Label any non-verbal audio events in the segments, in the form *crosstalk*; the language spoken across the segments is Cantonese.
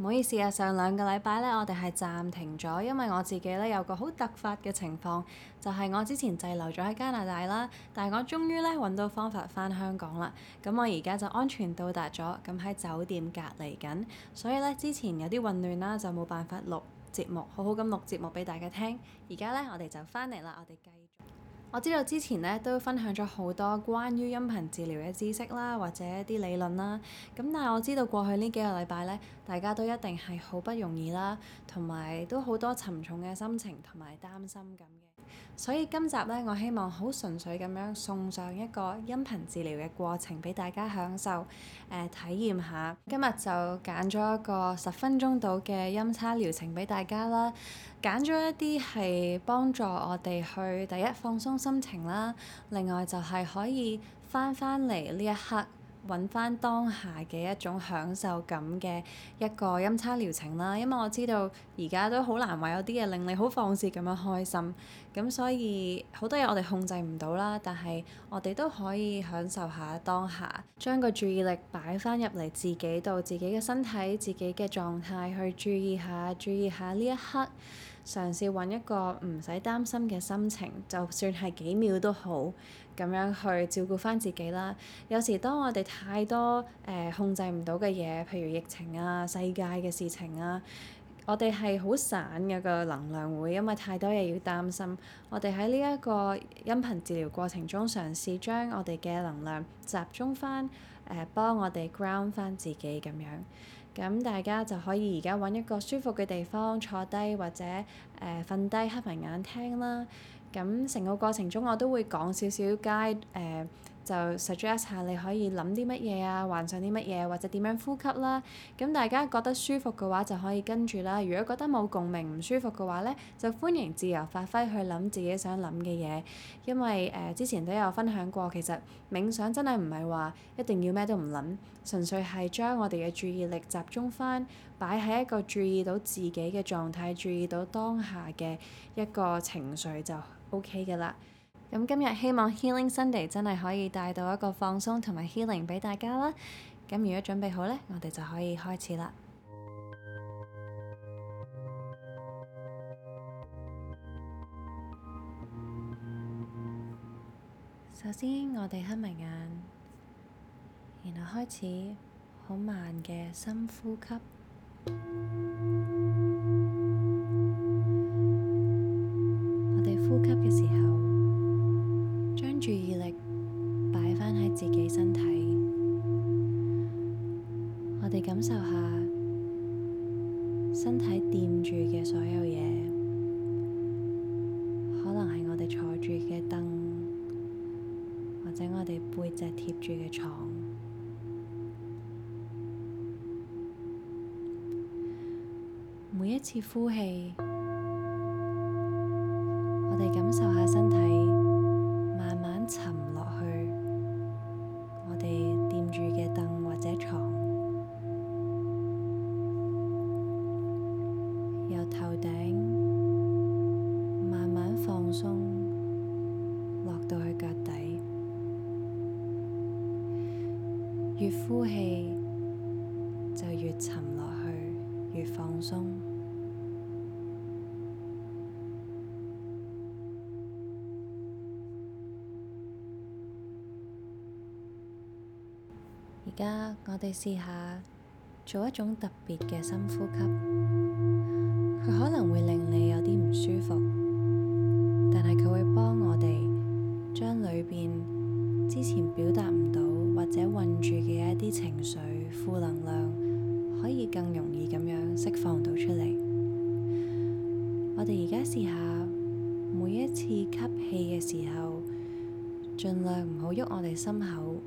唔好意思啊！上兩個禮拜咧，我哋係暫停咗，因為我自己咧有個好突發嘅情況，就係我之前滯留咗喺加拿大啦。但係我終於咧揾到方法翻香港啦。咁我而家就安全到達咗，咁喺酒店隔離緊。所以咧之前有啲混亂啦，就冇辦法錄節目，好好咁錄節目俾大家聽。而家咧我哋就翻嚟啦，我哋繼續。我知道之前咧都分享咗好多關於音頻治療嘅知識啦，或者一啲理論啦。咁但係我知道過去呢幾個禮拜咧，大家都一定係好不容易啦，同埋都好多沉重嘅心情同埋擔心咁嘅，所以今集呢，我希望好純粹咁樣送上一個音頻治療嘅過程俾大家享受，誒、呃、體驗下。今日就揀咗一個十分鐘到嘅音叉療程俾大家啦，揀咗一啲係幫助我哋去第一放鬆心情啦，另外就係可以翻返嚟呢一刻。揾翻當下嘅一種享受感嘅一個音叉療程啦，因為我知道而家都好難話有啲嘢令你好放肆咁樣開心，咁所以好多嘢我哋控制唔到啦，但係我哋都可以享受下當下，將個注意力擺翻入嚟自己度，自己嘅身體，自己嘅狀態去注意下，注意下呢一刻。嘗試揾一個唔使擔心嘅心情，就算係幾秒都好，咁樣去照顧翻自己啦。有時當我哋太多誒、呃、控制唔到嘅嘢，譬如疫情啊、世界嘅事情啊，我哋係好散嘅，嗰個能量會，會因為太多嘢要擔心。我哋喺呢一個音頻治療過程中，嘗試將我哋嘅能量集中翻，誒、呃、幫我哋 ground 翻自己咁樣。咁大家就可以而家揾一個舒服嘅地方坐低，或者誒瞓低，瞌埋眼聽啦。咁、嗯、成個過程中我都會講少少 guide、呃。誒。就 suggest 下你可以諗啲乜嘢啊，幻想啲乜嘢，或者點樣呼吸啦。咁大家覺得舒服嘅話，就可以跟住啦。如果覺得冇共鳴唔舒服嘅話咧，就歡迎自由發揮去諗自己想諗嘅嘢。因為誒、呃、之前都有分享過，其實冥想真係唔係話一定要咩都唔諗，純粹係將我哋嘅注意力集中翻，擺喺一個注意到自己嘅狀態，注意到當下嘅一個情緒就 OK 㗎啦。咁今日希望 Healing Sunday 真係可以帶到一個放鬆同埋 healing 俾大家啦。咁如果準備好咧，我哋就可以開始啦。首先我哋閉埋眼，然後開始好慢嘅深呼吸。一次呼氣，我哋感受下身體慢慢沉落去我哋掂住嘅凳或者床，由頭頂慢慢放鬆落到去腳底，越呼氣就越沉落去，越放鬆。而家我哋試下做一種特別嘅深呼吸，佢可能會令你有啲唔舒服，但係佢會幫我哋將裏邊之前表達唔到或者困住嘅一啲情緒、負能量，可以更容易咁樣釋放到出嚟。我哋而家試下，每一次吸氣嘅時候，盡量唔好喐我哋心口。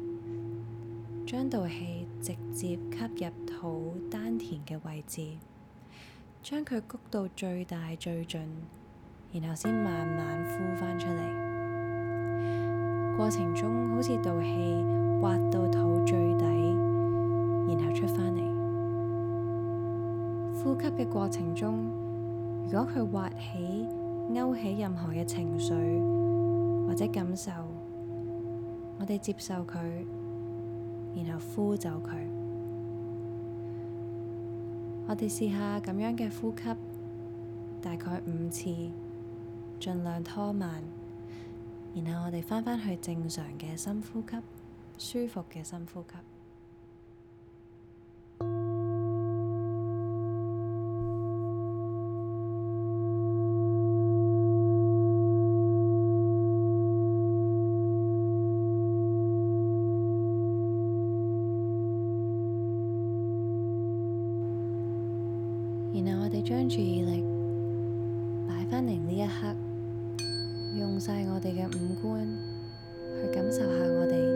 將道氣直接吸入肚丹田嘅位置，將佢谷到最大最盡，然後先慢慢呼返出嚟。過程中好似道氣挖到肚最底，然後出返嚟。呼吸嘅過程中，如果佢挖起、勾起任何嘅情緒或者感受，我哋接受佢。然後呼走佢。我哋試下咁樣嘅呼吸，大概五次，盡量拖慢。然後我哋返返去正常嘅深呼吸，舒服嘅深呼吸。晒我哋嘅五官，去感受下我哋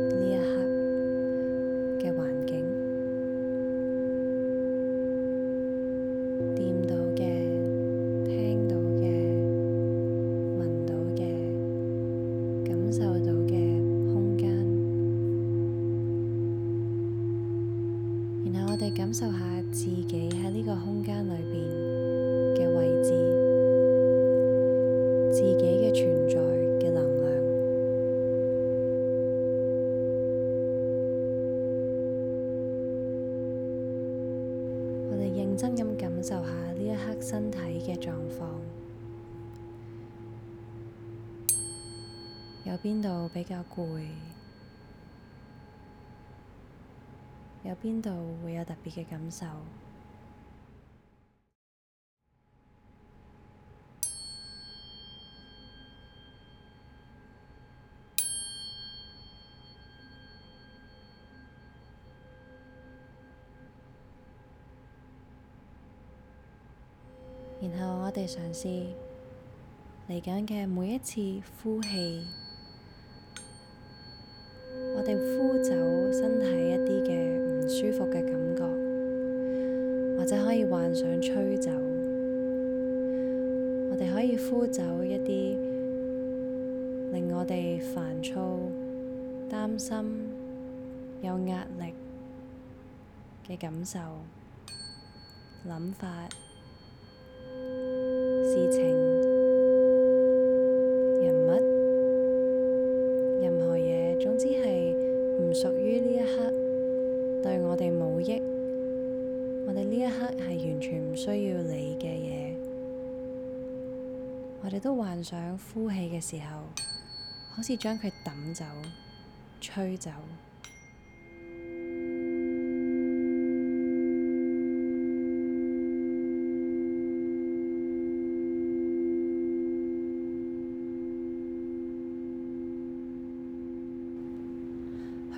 身體嘅狀況，有邊度比較攰？有邊度會有特別嘅感受？然後我哋嘗試嚟緊嘅每一次呼氣，我哋呼走身體一啲嘅唔舒服嘅感覺，或者可以幻想吹走。我哋可以呼走一啲令我哋煩躁、擔心、有壓力嘅感受、諗法。事情、人物、任何嘢，總之係唔屬於呢一刻，對我哋冇益。我哋呢一刻係完全唔需要你嘅嘢。我哋都幻想呼氣嘅時候，好似將佢抌走、吹走。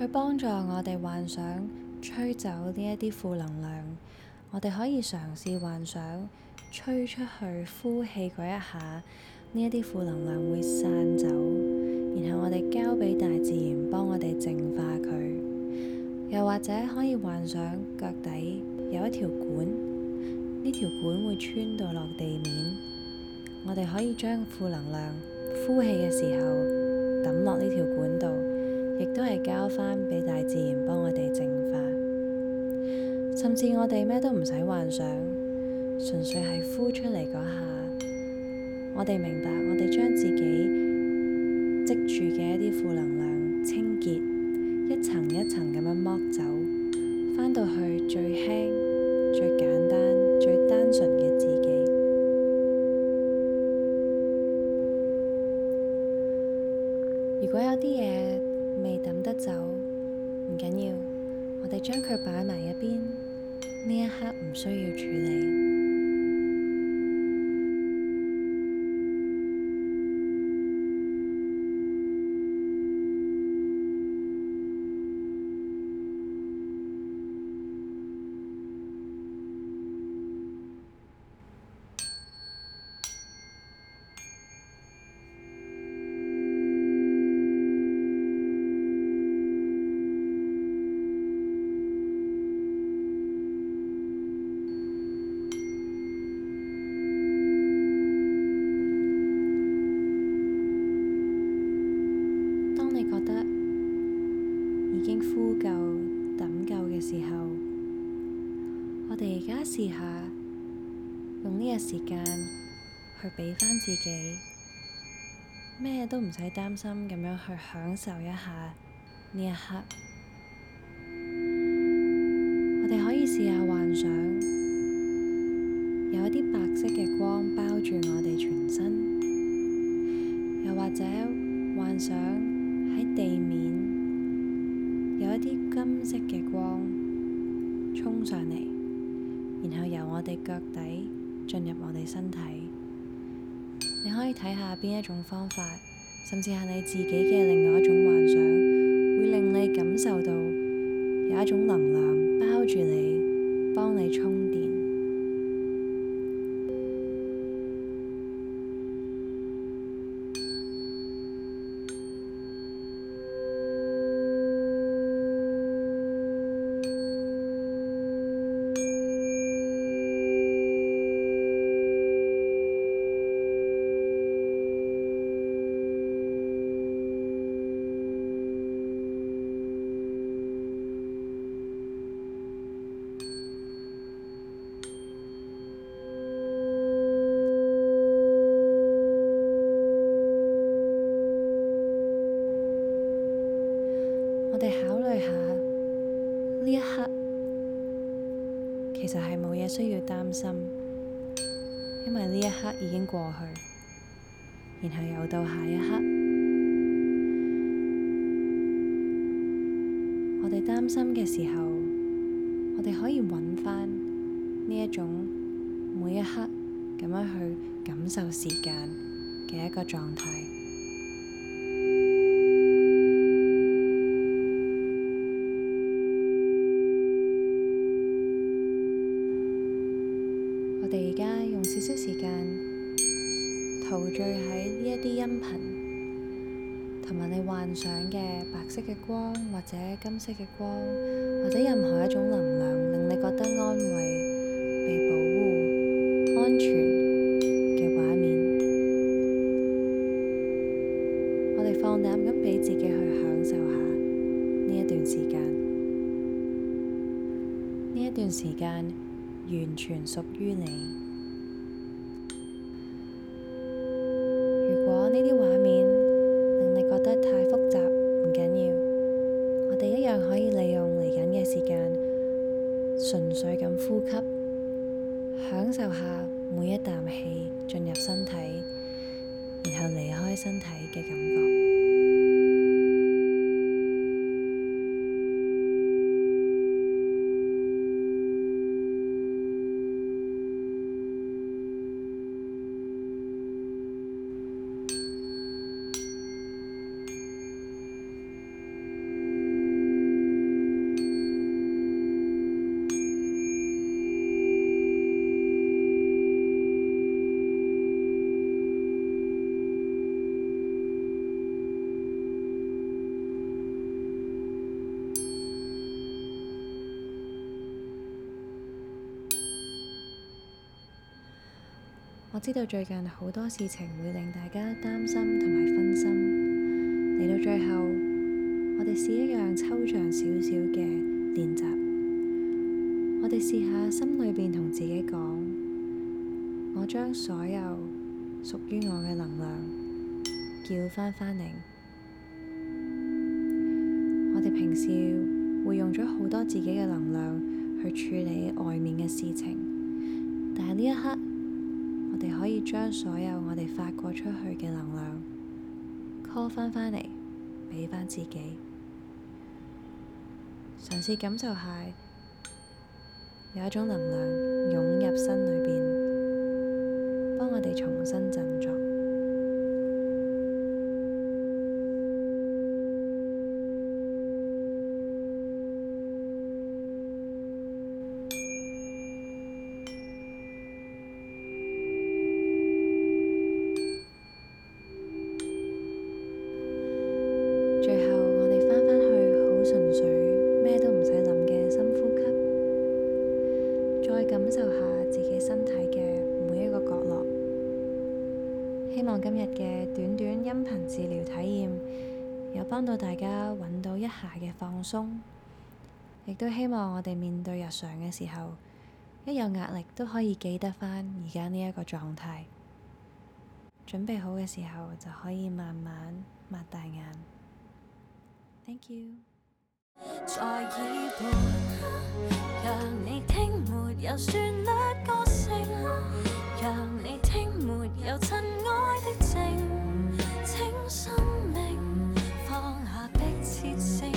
幫助我哋幻想吹走呢一啲負能量，我哋可以嘗試幻想吹出去呼氣嗰一下，呢一啲負能量會散走，然後我哋交俾大自然幫我哋淨化佢。又或者可以幻想腳底有一條管，呢條管會穿到落地面，我哋可以將負能量呼氣嘅時候抌落呢條管度。亦都係交翻畀大自然幫我哋淨化，甚至我哋咩都唔使幻想，純粹係呼出嚟嗰下，我哋明白，我哋將自己積住嘅一啲負能量清潔，一層一層咁樣剝走，翻到去最輕、最簡單、最單純嘅自己。如果有啲嘢，未抌得走，唔緊要，我哋將佢擺埋一邊，呢一刻唔需要處理。呼救、等救嘅時候，我哋而家試下用呢個時間去俾返自己，咩都唔使擔心，咁樣去享受一下呢一刻。我哋可以試下幻想，有一啲白色嘅光包住我哋全身，又或者幻想。一啲金色嘅光衝上嚟，然後由我哋腳底進入我哋身體。你可以睇下邊一種方法，甚至係你自己嘅另外一種幻想，會令你感受到有一種能量包住你，幫你沖，一刻其實係冇嘢需要擔心，因為呢一刻已經過去，然後又到下一刻。我哋擔心嘅時候，我哋可以揾翻呢一種每一刻咁樣去感受時間嘅一個狀態。我哋而家用少少時間陶醉喺呢一啲音頻，同埋你幻想嘅白色嘅光，或者金色嘅光，或者任何一種能量，令你覺得安慰、被保護、安全嘅畫面。我哋放膽咁俾自己去享受下呢一段時間，呢一段時間，完全屬於你。如果呢啲畫面令你覺得太複雜，唔緊要，我哋一樣可以利用嚟緊嘅時間，純粹咁呼吸，享受下每一啖氣進入身體，然後離開身體嘅感覺。我知道最近好多事情會令大家擔心同埋分心。嚟到最後，我哋試一樣抽象少少嘅練習。我哋試下心裏邊同自己講：我將所有屬於我嘅能量叫翻翻嚟。我哋平時會用咗好多自己嘅能量去處理外面嘅事情，但係呢一刻。我哋可以將所有我哋發過出去嘅能量 call 翻返嚟，畀翻自己，嘗試感受下有一種能量湧入心裏邊，幫我哋重新振作。鬆，亦都希望我哋面對日常嘅時候，一有壓力都可以記得翻而家呢一個狀態，準備好嘅時候就可以慢慢擘大眼。Thank you。 *music*